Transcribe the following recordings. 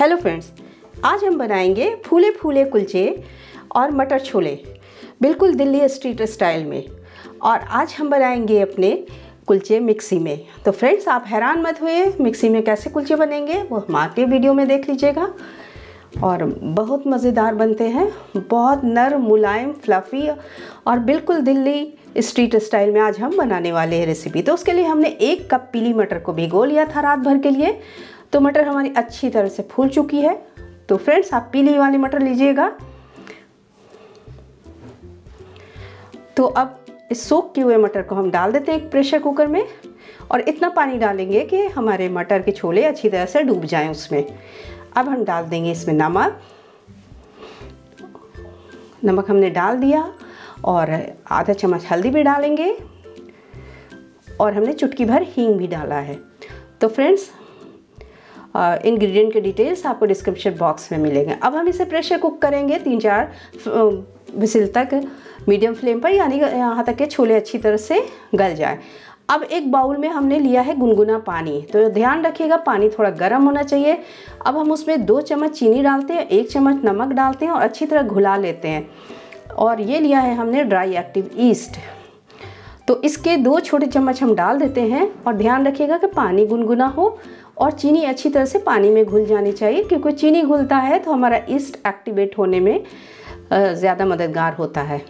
hello friends आज हम बनाएंगे फूले फूले कुलचे और मटर छोले बिल्कुल दिल्ली स्ट्रीट स्टाइल में और आज हम बनाएंगे अपने कुलचे मिक्सी में तो फ्रेंड्स आप हैरान मत हुए मिक्सी में कैसे कुलचे बनेंगे वो हम आपके वीडियो में देख लीजिएगा और बहुत मज़ेदार बनते हैं बहुत नर मुलायम फ्लफ़ी और बिल्कुल दिल्ली स्ट्रीट स्टाइल में आज हम बनाने वाले हैं रेसिपी तो उसके लिए हमने एक कप पीली मटर को भिगो लिया था रात भर के लिए तो मटर हमारी अच्छी तरह से फूल चुकी है तो फ्रेंड्स आप पीली वाली मटर लीजिएगा तो अब इस सोख किए हुए मटर को हम डाल देते हैं एक प्रेशर कुकर में और इतना पानी डालेंगे कि हमारे मटर के छोले अच्छी तरह से डूब जाएं उसमें अब हम डाल देंगे इसमें नमक नमक हमने डाल दिया और आधा चम्मच हल्दी भी डालेंगे और हमने चुटकी भर हींग भी डाला है तो फ्रेंड्स इंग्रेडिएंट के डिटेल्स आपको डिस्क्रिप्शन बॉक्स में मिलेंगे अब हम इसे प्रेशर कुक करेंगे तीन चार बिसिल तक मीडियम फ्लेम पर यानी यहाँ तक के छोले अच्छी तरह से गल जाए अब एक बाउल में हमने लिया है गुनगुना पानी तो ध्यान रखिएगा पानी थोड़ा गर्म होना चाहिए अब हम उसमें दो चम्मच चीनी डालते हैं एक चम्मच नमक डालते हैं और अच्छी तरह घुला लेते हैं और ये लिया है हमने ड्राई एक्टिव ईस्ट तो इसके दो छोटे चम्मच हम डाल देते हैं और ध्यान रखिएगा कि पानी गुनगुना हो और चीनी अच्छी तरह से पानी में घुल जानी चाहिए क्योंकि चीनी घुलता है तो हमारा ईस्ट एक्टिवेट होने में ज़्यादा मददगार होता है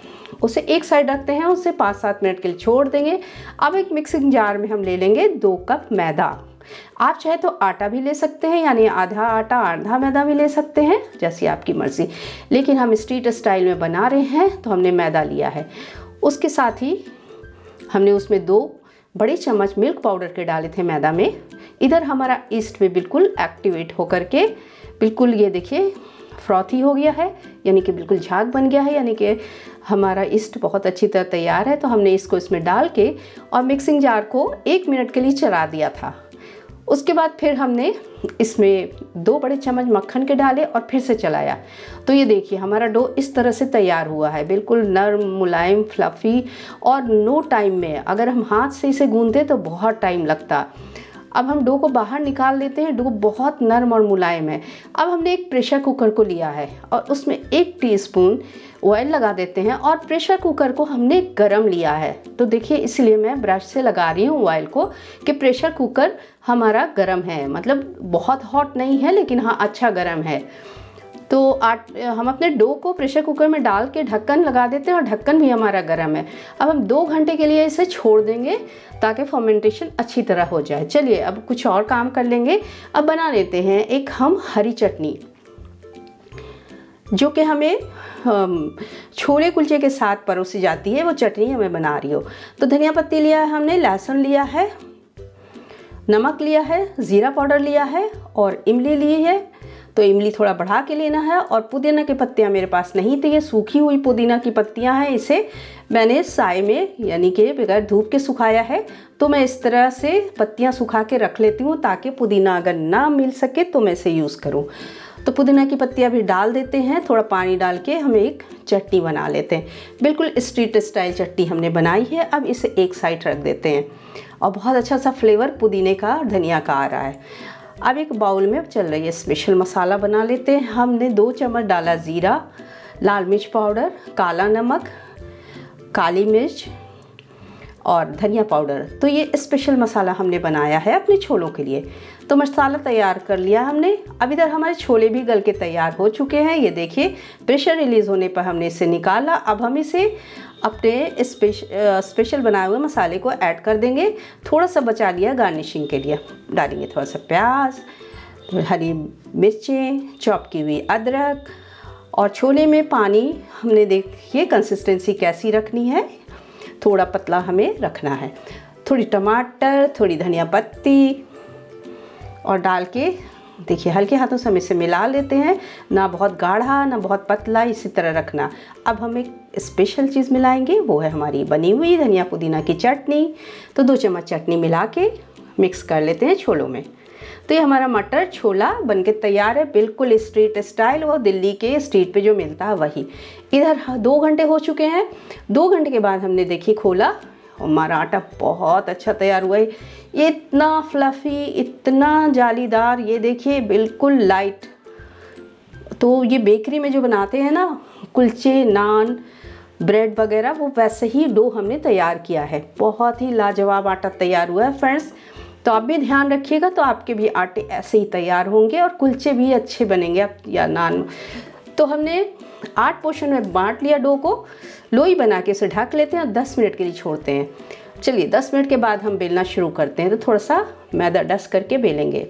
उसे एक साइड रखते हैं उसे पाँच सात मिनट के लिए छोड़ देंगे अब एक मिक्सिंग जार में हम ले लेंगे दो कप मैदा आप चाहे तो आटा भी ले सकते हैं यानी आधा आटा आधा मैदा भी ले सकते हैं जैसी आपकी मर्ज़ी लेकिन हम स्ट्रीट स्टाइल में बना रहे हैं तो हमने मैदा लिया है उसके साथ ही हमने उसमें दो बड़े चम्मच मिल्क पाउडर के डाले थे मैदा में इधर हमारा ईस्ट भी बिल्कुल एक्टिवेट होकर के बिल्कुल ये देखिए फ्रॉथी हो गया है यानी कि बिल्कुल झाग बन गया है यानी कि हमारा ईस्ट बहुत अच्छी तरह तैयार है तो हमने इसको इसमें डाल के और मिक्सिंग जार को एक मिनट के लिए चला दिया था उसके बाद फिर हमने इसमें दो बड़े चम्मच मक्खन के डाले और फिर से चलाया तो ये देखिए हमारा डो इस तरह से तैयार हुआ है बिल्कुल नरम मुलायम फ्लफ़ी और नो टाइम में अगर हम हाथ से इसे गूंदते तो बहुत टाइम लगता अब हम डो को बाहर निकाल लेते हैं डो बहुत नरम और मुलायम है अब हमने एक प्रेशर कुकर को लिया है और उसमें एक टीस्पून ऑयल लगा देते हैं और प्रेशर कुकर को हमने गरम लिया है तो देखिए इसलिए मैं ब्रश से लगा रही हूँ ऑयल को कि प्रेशर कुकर हमारा गर्म है मतलब बहुत हॉट नहीं है लेकिन हाँ अच्छा गर्म है तो आट हम अपने डो को प्रेशर कुकर में डाल के ढक्कन लगा देते हैं और ढक्कन भी हमारा गर्म है अब हम दो घंटे के लिए इसे छोड़ देंगे ताकि फर्मेंटेशन अच्छी तरह हो जाए चलिए अब कुछ और काम कर लेंगे अब बना लेते हैं एक हम हरी चटनी जो कि हमें छोले कुलचे के साथ परोसी जाती है वो चटनी हमें बना रही हो तो धनिया पत्ती लिया है हमने लहसुन लिया है नमक लिया है ज़ीरा पाउडर लिया है और इमली ली है तो इमली थोड़ा बढ़ा के लेना है और पुदीना की पत्तियाँ मेरे पास नहीं थी ये सूखी हुई पुदीना की पत्तियाँ हैं इसे मैंने साय में यानी कि बगैर धूप के सुखाया है तो मैं इस तरह से पत्तियाँ सुखा के रख लेती हूँ ताकि पुदीना अगर ना मिल सके तो मैं इसे यूज़ करूँ तो पुदीना की पत्तियाँ भी डाल देते हैं थोड़ा पानी डाल के हम एक चटनी बना लेते हैं बिल्कुल स्ट्रीट स्टाइल चटनी हमने बनाई है अब इसे एक साइड रख देते हैं और बहुत अच्छा सा फ्लेवर पुदीने का धनिया का आ रहा है अब एक बाउल में चल रही है स्पेशल मसाला बना लेते हैं हमने दो चम्मच डाला ज़ीरा लाल मिर्च पाउडर काला नमक काली मिर्च और धनिया पाउडर तो ये स्पेशल मसाला हमने बनाया है अपने छोलों के लिए तो मसाला तैयार कर लिया हमने अब इधर हमारे छोले भी गल के तैयार हो चुके हैं ये देखिए प्रेशर रिलीज़ होने पर हमने इसे निकाला अब हम इसे अपने स्पेश, स्पेशल बनाए हुए मसाले को ऐड कर देंगे थोड़ा सा बचा लिया गार्निशिंग के लिए डालेंगे थोड़ा सा प्याज हरी मिर्चें चॉप की हुई अदरक और छोले में पानी हमने देखिए कंसिस्टेंसी कैसी रखनी है थोड़ा पतला हमें रखना है थोड़ी टमाटर थोड़ी धनिया पत्ती और डाल के देखिए हल्के हाथों से हम इसे मिला लेते हैं ना बहुत गाढ़ा ना बहुत पतला इसी तरह रखना अब हम एक स्पेशल चीज़ मिलाएंगे वो है हमारी बनी हुई धनिया पुदीना की चटनी तो दो चम्मच चटनी मिला के मिक्स कर लेते हैं छोलों में तो ये हमारा मटर छोला बनके तैयार है बिल्कुल स्ट्रीट स्टाइल और दिल्ली के स्ट्रीट पे जो मिलता है वही इधर दो घंटे हो चुके हैं दो घंटे के बाद हमने देखी खोला हमारा आटा बहुत अच्छा तैयार हुआ है ये इतना फ्लफ़ी इतना जालीदार ये देखिए बिल्कुल लाइट तो ये बेकरी में जो बनाते हैं ना कुलचे नान ब्रेड वगैरह वो वैसे ही डो हमने तैयार किया है बहुत ही लाजवाब आटा तैयार हुआ है फ्रेंड्स तो आप भी ध्यान रखिएगा तो आपके भी आटे ऐसे ही तैयार होंगे और कुलचे भी अच्छे बनेंगे आप या नान तो हमने आठ पोर्शन में बांट लिया डो को लोई बना के उसे ढक लेते हैं और दस मिनट के लिए छोड़ते हैं चलिए 10 मिनट के बाद हम बेलना शुरू करते हैं तो थोड़ा सा मैदा डस्ट करके बेलेंगे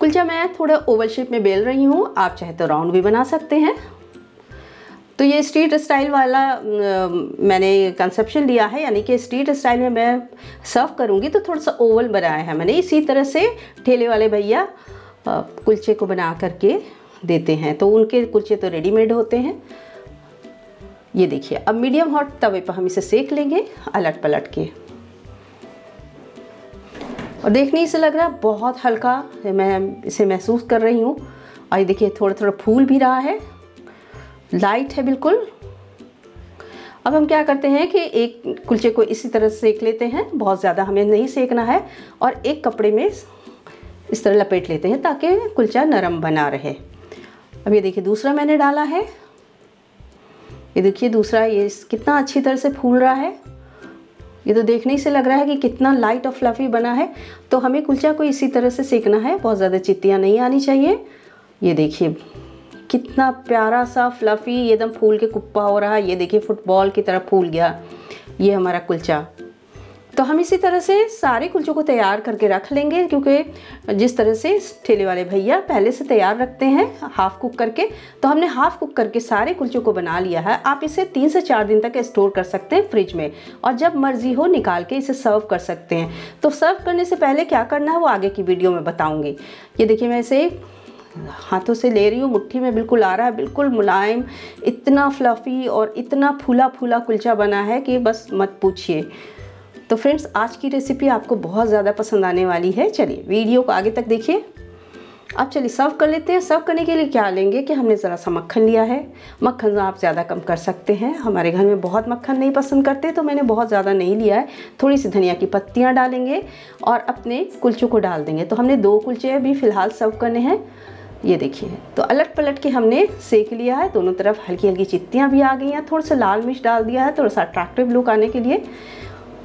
कुलचा मैं थोड़ा ओवल शेप में बेल रही हूँ आप चाहे तो राउंड भी बना सकते हैं तो ये स्ट्रीट स्टाइल वाला मैंने कंसेप्शन लिया है यानी कि स्ट्रीट स्टाइल में मैं सर्व करूँगी तो थोड़ा सा ओवल बनाया है मैंने इसी तरह से ठेले वाले भैया कुलचे को बना करके देते हैं तो उनके कुलचे तो रेडीमेड होते हैं ये देखिए अब मीडियम हॉट तवे पर हम इसे सेक लेंगे अलट पलट के और देखने से लग रहा है बहुत हल्का मैं इसे महसूस कर रही हूँ और ये देखिए थोड़ा थोड़ा फूल भी रहा है लाइट है बिल्कुल अब हम क्या करते हैं कि एक कुलचे को इसी तरह सेक लेते हैं बहुत ज़्यादा हमें नहीं सेकना है और एक कपड़े में इस तरह लपेट लेते हैं ताकि कुलचा नरम बना रहे अब ये देखिए दूसरा मैंने डाला है ये देखिए दूसरा ये कितना अच्छी तरह से फूल रहा है ये तो देखने से लग रहा है कि कितना लाइट और फ्लफी बना है तो हमें कुलचा को इसी तरह से सेकना है बहुत ज़्यादा चित्तियाँ नहीं आनी चाहिए ये देखिए कितना प्यारा सा फ्लफ़ी एकदम फूल के कुप्पा हो रहा है ये देखिए फुटबॉल की तरह फूल गया ये हमारा कुलचा तो हम इसी तरह से सारे कुलचों को तैयार करके रख लेंगे क्योंकि जिस तरह से ठेले वाले भैया पहले से तैयार रखते हैं हाफ़ कुक करके तो हमने हाफ़ कुक करके सारे कुलचों को बना लिया है आप इसे तीन से चार दिन तक स्टोर कर सकते हैं फ्रिज में और जब मर्ज़ी हो निकाल के इसे सर्व कर सकते हैं तो सर्व करने से पहले क्या करना है वो आगे की वीडियो में बताऊँगी ये देखिए मैं इसे हाथों से ले रही हूँ मुट्ठी में बिल्कुल आ रहा है बिल्कुल मुलायम इतना फ्लफ़ी और इतना फूला फूला कुलचा बना है कि बस मत पूछिए तो फ्रेंड्स आज की रेसिपी आपको बहुत ज़्यादा पसंद आने वाली है चलिए वीडियो को आगे तक देखिए अब चलिए सर्व कर लेते हैं सर्व करने के लिए क्या लेंगे कि हमने ज़रा सा मक्खन लिया है मक्खन आप ज़्यादा कम कर सकते हैं हमारे घर में बहुत मक्खन नहीं पसंद करते तो मैंने बहुत ज़्यादा नहीं लिया है थोड़ी सी धनिया की पत्तियाँ डालेंगे और अपने कुल्चों को डाल देंगे तो हमने दो कुल्चे अभी फ़िलहाल सर्व करने हैं ये देखिए तो अलट पलट के हमने सेक लिया है दोनों तरफ हल्की हल्की चित्तियाँ भी आ गई हैं थोड़ा सा लाल मिर्च डाल दिया है थोड़ा सा अट्रैक्टिव लुक आने के लिए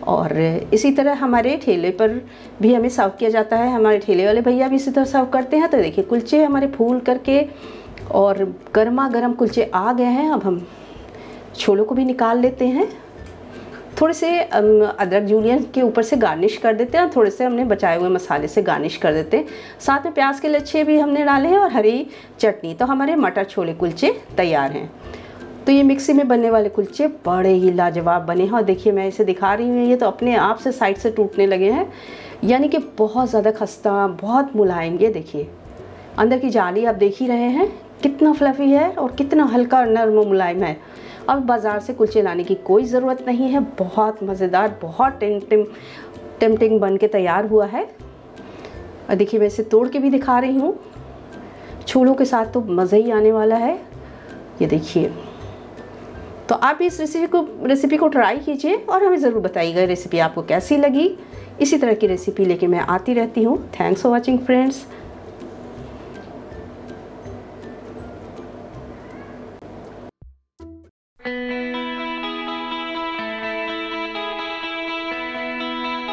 और इसी तरह हमारे ठेले पर भी हमें सर्व किया जाता है हमारे ठेले वाले भैया भी इसी तरह सर्व करते हैं तो देखिए कुलचे हमारे फूल करके और गर्मा गर्म कुलचे आ गए हैं अब हम छोलों को भी निकाल लेते हैं थोड़े से अदरक जूलियन के ऊपर से गार्निश कर देते हैं और थोड़े से हमने बचाए हुए मसाले से गार्निश कर देते हैं साथ में प्याज के लच्छे भी हमने डाले हैं और हरी चटनी तो हमारे मटर छोले कुलचे तैयार हैं तो ये मिक्सी में बनने वाले कुलचे बड़े ही लाजवाब बने हैं हाँ, और देखिए मैं इसे दिखा रही हूँ ये तो अपने आप से साइड से टूटने लगे हैं यानी कि बहुत ज़्यादा खस्ता बहुत मुलायम ये देखिए अंदर की जाली आप देख ही रहे हैं कितना फ्लफ़ी है और कितना हल्का नरम मुलायम है अब बाज़ार से कुलचे लाने की कोई ज़रूरत नहीं है बहुत मज़ेदार बहुत टेंटिंग टेंटिंग बन के तैयार हुआ है और देखिए मैं इसे तोड़ के भी दिखा रही हूँ छूलों के साथ तो मज़ा ही आने वाला है ये देखिए तो आप इस रेसिपी को रेसिपी को ट्राई कीजिए और हमें ज़रूर बताइएगा रेसिपी आपको कैसी लगी इसी तरह की रेसिपी लेके मैं आती रहती हूँ थैंक्स फॉर वॉचिंग फ्रेंड्स